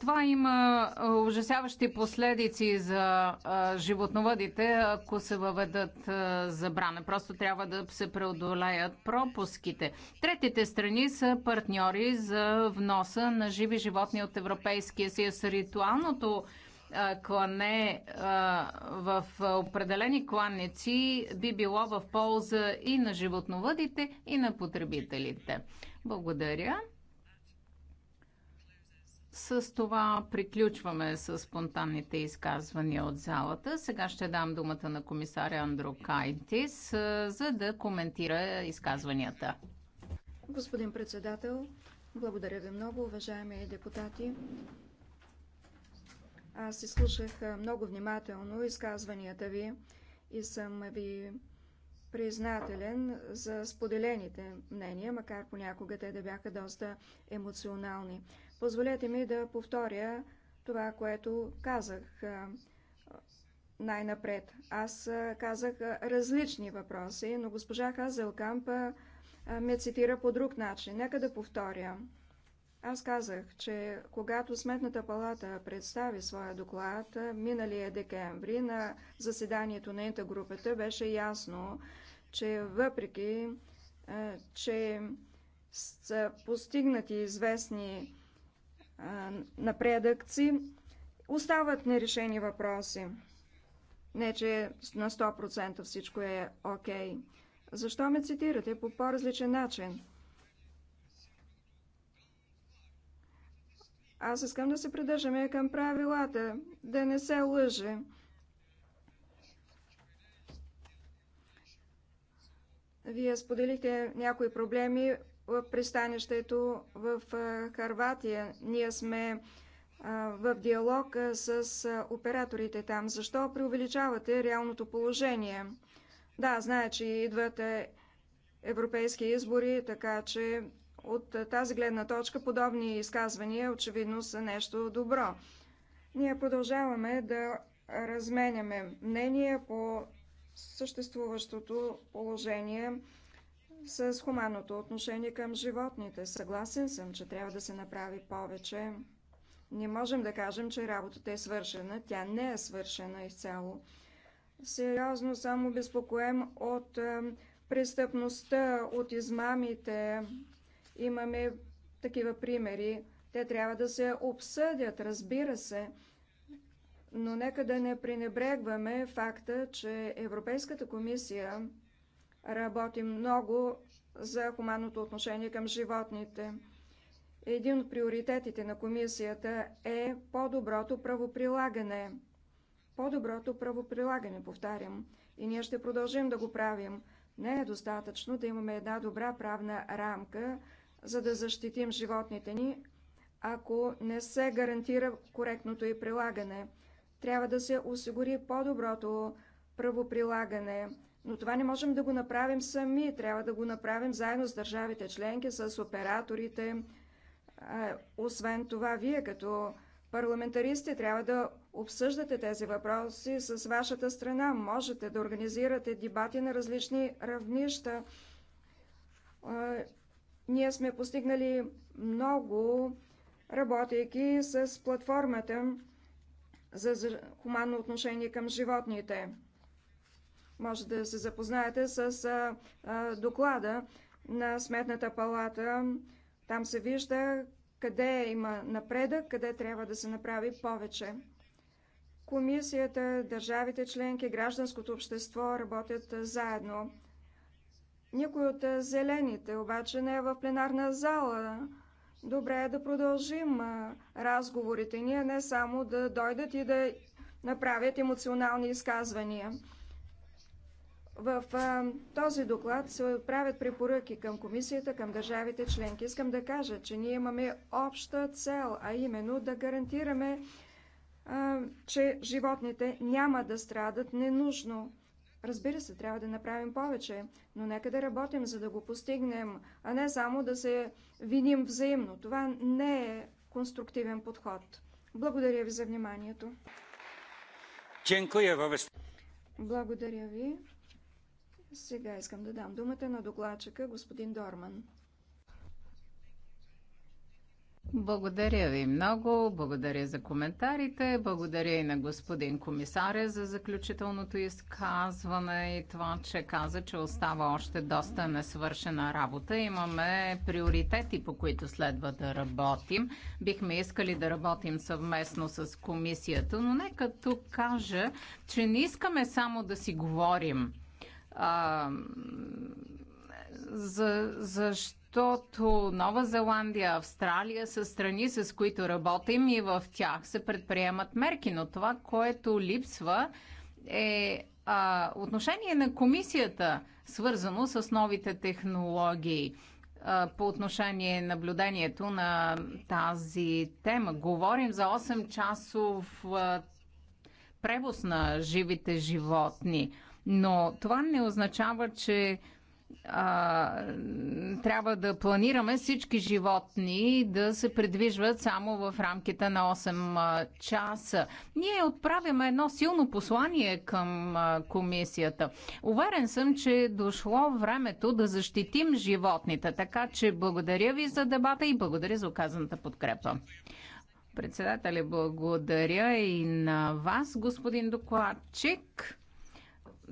това има ужасяващи последици за животновъдите, ако се въведат забрана. Просто трябва да се преодолеят пропуските. Третите страни са партньори за вноса на живи животни от Европейския съюз. Ритуалното клане в определени кланници би било в полза и на животновъдите, и на потребителите. Благодаря. С това приключваме с спонтанните изказвания от залата. Сега ще дам думата на комисаря Андро Кайтис, за да коментира изказванията. Господин председател, благодаря ви много, уважаеми депутати. Аз изслушах много внимателно изказванията ви и съм ви признателен за споделените мнения, макар понякога те да бяха доста емоционални. Позволете ми да повторя това, което казах най-напред. Аз казах различни въпроси, но госпожа Хазелкамп ме цитира по друг начин. Нека да повторя. Аз казах, че когато Сметната палата представи своя доклад миналия декември на заседанието на интергрупата беше ясно, че въпреки, че са постигнати известни напредъкци, остават нерешени въпроси. Не, че на 100% всичко е окей. Okay. Защо ме цитирате по по-различен начин? Аз искам да се придържаме към правилата, да не се лъже. Вие споделихте някои проблеми в пристанището в Харватия. Ние сме в диалог с операторите там. Защо преувеличавате реалното положение? Да, знае, че идват европейски избори, така че от тази гледна точка подобни изказвания очевидно са нещо добро. Ние продължаваме да разменяме мнения по съществуващото положение с хуманното отношение към животните. Съгласен съм, че трябва да се направи повече. Не можем да кажем, че работата е свършена. Тя не е свършена изцяло. Сериозно съм обезпокоен от е, престъпността, от измамите. Имаме такива примери. Те трябва да се обсъдят, разбира се. Но нека да не пренебрегваме факта, че Европейската комисия работим много за хуманното отношение към животните. Един от приоритетите на комисията е по-доброто правоприлагане. По-доброто правоприлагане, повтарям. И ние ще продължим да го правим. Не е достатъчно да имаме една добра правна рамка, за да защитим животните ни, ако не се гарантира коректното и прилагане. Трябва да се осигури по-доброто правоприлагане, но това не можем да го направим сами. Трябва да го направим заедно с държавите членки, с операторите. Освен това, вие като парламентаристи трябва да обсъждате тези въпроси с вашата страна. Можете да организирате дебати на различни равнища. Ние сме постигнали много, работейки с платформата за хуманно отношение към животните. Може да се запознаете с доклада на Сметната палата. Там се вижда къде има напредък, къде трябва да се направи повече. Комисията, държавите членки, гражданското общество работят заедно. Никой от зелените обаче не е в пленарна зала. Добре е да продължим разговорите ние, не само да дойдат и да направят емоционални изказвания. В този доклад се правят препоръки към комисията, към държавите членки. Искам да кажа, че ние имаме обща цел, а именно да гарантираме, че животните няма да страдат ненужно. Разбира се, трябва да направим повече, но нека да работим, за да го постигнем, а не само да се виним взаимно. Това не е конструктивен подход. Благодаря ви за вниманието. Благодаря ви. Сега искам да дам думата на докладчика господин Дорман. Благодаря ви много, благодаря за коментарите, благодаря и на господин комисаря за заключителното изказване и това, че каза, че остава още доста несвършена работа. Имаме приоритети, по които следва да работим. Бихме искали да работим съвместно с комисията, но нека тук кажа, че не искаме само да си говорим а, за, защото Нова Зеландия, Австралия са страни, с които работим и в тях се предприемат мерки. Но това, което липсва е а, отношение на комисията, свързано с новите технологии по отношение наблюдението на тази тема. Говорим за 8 часов превоз на живите животни. Но това не означава, че а, трябва да планираме всички животни да се придвижват само в рамките на 8 часа. Ние отправяме едно силно послание към комисията. Уверен съм, че е дошло времето да защитим животните, така че благодаря ви за дебата и благодаря за оказаната подкрепа. Председателя, благодаря и на вас, господин докладчик.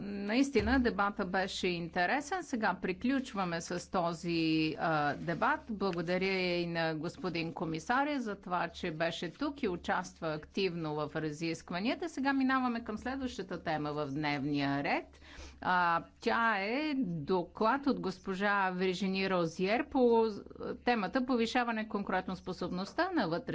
Наистина дебата беше интересен. Сега приключваме с този а, дебат. Благодаря и на господин комисаря за това, че беше тук и участва активно в разискванията. Сега минаваме към следващата тема в дневния ред. А, тя е доклад от госпожа Вержини Розиер по темата повишаване конкретно способността на вътре